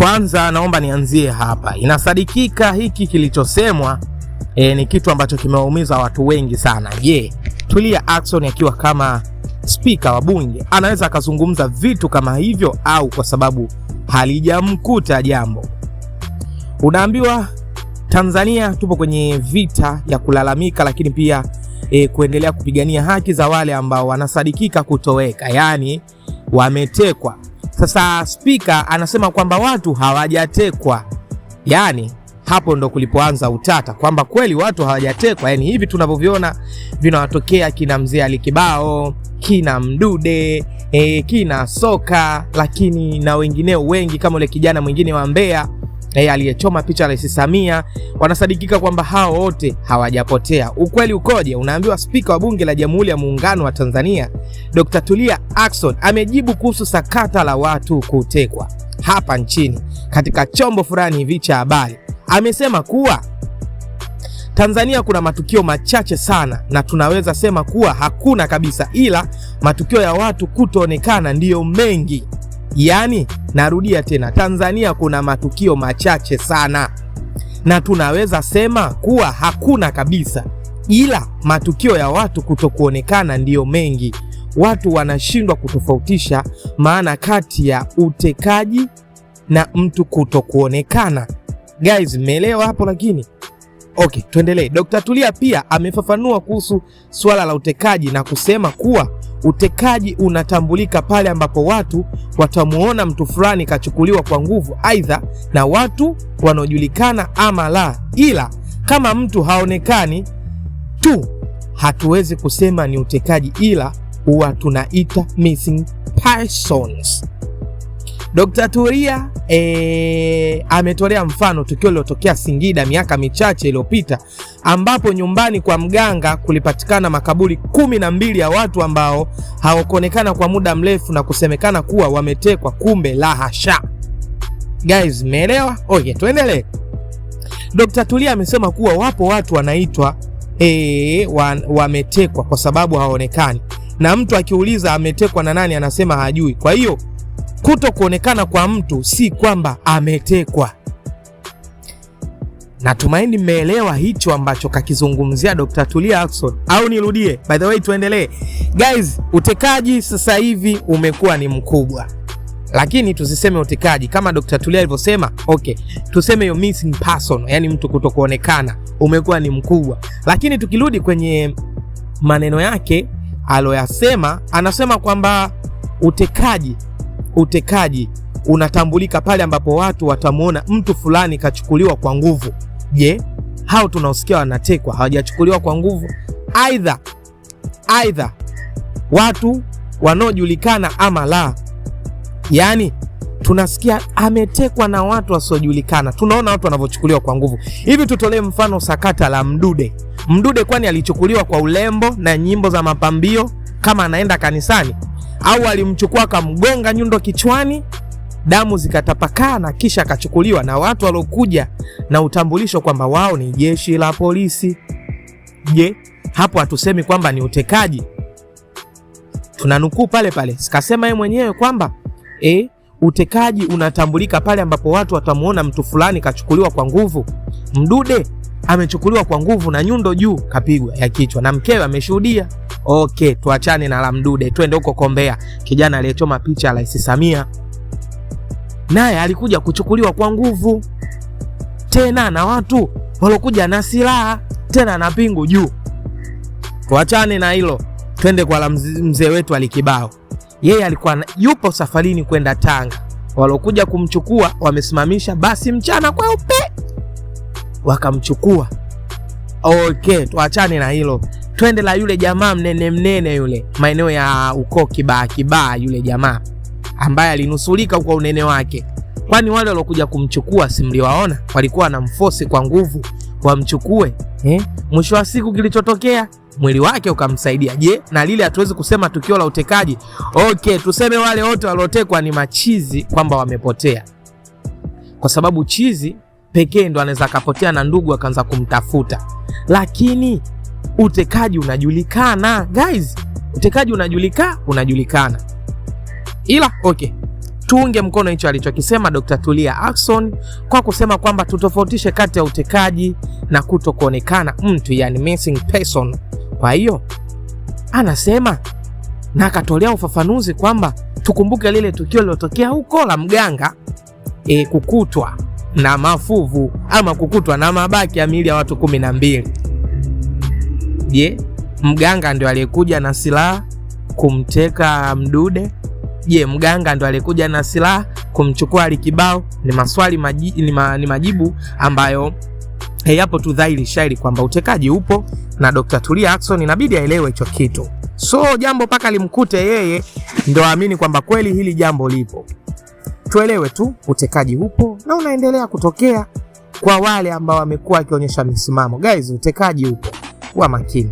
Kwanza naomba nianzie hapa. Inasadikika hiki kilichosemwa e, ni kitu ambacho kimewaumiza watu wengi sana. Je, Tulia Ackson akiwa kama spika wa bunge anaweza akazungumza vitu kama hivyo au kwa sababu halijamkuta jambo? Unaambiwa Tanzania tupo kwenye vita ya kulalamika, lakini pia e, kuendelea kupigania haki za wale ambao wanasadikika kutoweka, yaani wametekwa sasa spika anasema kwamba watu hawajatekwa, yaani hapo ndo kulipoanza utata kwamba kweli watu hawajatekwa, yani hivi tunavyoviona vinawatokea kina mzee Alikibao, kina Mdude e, kina Soka, lakini na wengineo wengi kama ule kijana mwingine wa Mbeya na eh, aliyechoma picha Rais Samia, wanasadikika kwamba hao wote hawajapotea. Ukweli ukoje? Unaambiwa Spika wa Bunge la Jamhuri ya Muungano wa Tanzania Dr. Tulia Ackson amejibu kuhusu sakata la watu kutekwa hapa nchini katika chombo fulani hivi cha habari. Amesema kuwa Tanzania kuna matukio machache sana na tunaweza sema kuwa hakuna kabisa, ila matukio ya watu kutoonekana ndiyo mengi. Yaani, narudia tena, Tanzania kuna matukio machache sana, na tunaweza sema kuwa hakuna kabisa, ila matukio ya watu kutokuonekana ndiyo mengi. Watu wanashindwa kutofautisha maana kati ya utekaji na mtu kutokuonekana. Guys, mmeelewa hapo? Lakini okay, tuendelee. Dr. Tulia pia amefafanua kuhusu swala la utekaji na kusema kuwa Utekaji unatambulika pale ambapo watu watamuona mtu fulani kachukuliwa kwa nguvu, aidha na watu wanaojulikana ama la, ila kama mtu haonekani tu hatuwezi kusema ni utekaji, ila huwa tunaita missing persons. Dr. turia e, ametolea mfano tukio lilotokea Singida miaka michache iliyopita ambapo nyumbani kwa mganga kulipatikana makaburi kumi na mbili ya watu ambao hawakuonekana kwa muda mrefu na kusemekana kuwa wametekwa, kumbe la hasha. Guys, mmeelewa? Okay, tuendelee. Dr. Turia amesema kuwa wapo watu wanaitwa e, wametekwa kwa sababu hawaonekani na mtu akiuliza ametekwa na nani anasema hajui. Kwa hiyo kuto kuonekana kwa mtu si kwamba ametekwa. Natumaini mmeelewa hicho ambacho kakizungumzia Dr. Tulia Ackson, au nirudie? By the way, tuendelee guys. Utekaji sasa hivi umekuwa ni mkubwa, lakini tusiseme utekaji kama Dr. Tulia alivyosema. Okay, tuseme yo missing person, yani mtu kutokuonekana umekuwa ni mkubwa, lakini tukirudi kwenye maneno yake aloyasema, anasema kwamba utekaji utekaji unatambulika pale ambapo watu watamwona mtu fulani kachukuliwa kwa nguvu. Je, hao tunaosikia wanatekwa hawajachukuliwa kwa nguvu? Aidha, aidha watu wanaojulikana ama la, yaani tunasikia ametekwa na watu wasiojulikana, tunaona watu wanavyochukuliwa kwa nguvu. Hivi tutolee mfano sakata la Mdude. Mdude kwani alichukuliwa kwa ulembo na nyimbo za mapambio kama anaenda kanisani? au alimchukua akamgonga nyundo kichwani, damu zikatapakaa na kisha akachukuliwa na watu waliokuja na utambulisho kwamba wao ni jeshi la polisi. Je, hapo hatusemi kwamba ni utekaji? Tunanukuu pale pale, sikasema yeye mwenyewe kwamba e, utekaji unatambulika pale ambapo watu watamuona mtu fulani kachukuliwa kwa nguvu. Mdude amechukuliwa kwa nguvu na nyundo juu, kapigwa ya kichwa na mkewe ameshuhudia. Okay, tuachane na Lamdude, twende huko Kombea. Kijana aliyechoma picha Rais Samia naye alikuja kuchukuliwa kwa nguvu tena na watu walokuja na silaha tena na pingu juu. Tuachane na hilo, twende kwa mzee wetu Alikibao. Yeye alikuwa yupo safarini kwenda Tanga, walokuja kumchukua wamesimamisha basi mchana kweupe, wakamchukua. Okay, tuachane na hilo twende la yule jamaa mnene mnene yule maeneo ya ukoo Kibaa Kibaa, yule jamaa ambaye alinusulika kwa unene wake, kwani wale waliokuja kumchukua simliwaona, walikuwa na mfosi kwa nguvu wamchukue eh? Mwisho wa siku kilichotokea mwili wake ukamsaidia. Je, na lile hatuwezi kusema tukio la utekaji okay, tuseme wale wote waliotekwa ni machizi kwamba wamepotea, kwa sababu chizi pekee ndo anaweza akapotea na ndugu akaanza kumtafuta, lakini utekaji unajulikana guys, utekaji unajulika, unajulikana ila okay, tuunge mkono hicho alichokisema Dr. Tulia Ackson kwa kusema kwamba tutofautishe kati ya utekaji na kutokuonekana mtu, yani missing person. Kwa hiyo anasema na akatolea ufafanuzi kwamba tukumbuke lile tukio lilotokea huko la mganga e, kukutwa na mafuvu ama kukutwa na mabaki ya miili ya watu kumi na mbili Je, mganga ndio aliyekuja na silaha kumteka Mdude? Je, mganga ndio aliyekuja na silaha kumchukua Alikibao? Ni maswali maji, ni, ma, ni majibu ambayo hey, eh, yapo tu dhahiri shairi kwamba utekaji upo na Dr. Tulia Ackson inabidi aelewe hicho kitu. So jambo paka limkute yeye ndio aamini kwamba kweli hili jambo lipo. Tuelewe tu utekaji upo na unaendelea kutokea kwa wale ambao wamekuwa wakionyesha misimamo. Guys, utekaji upo. Wamakin.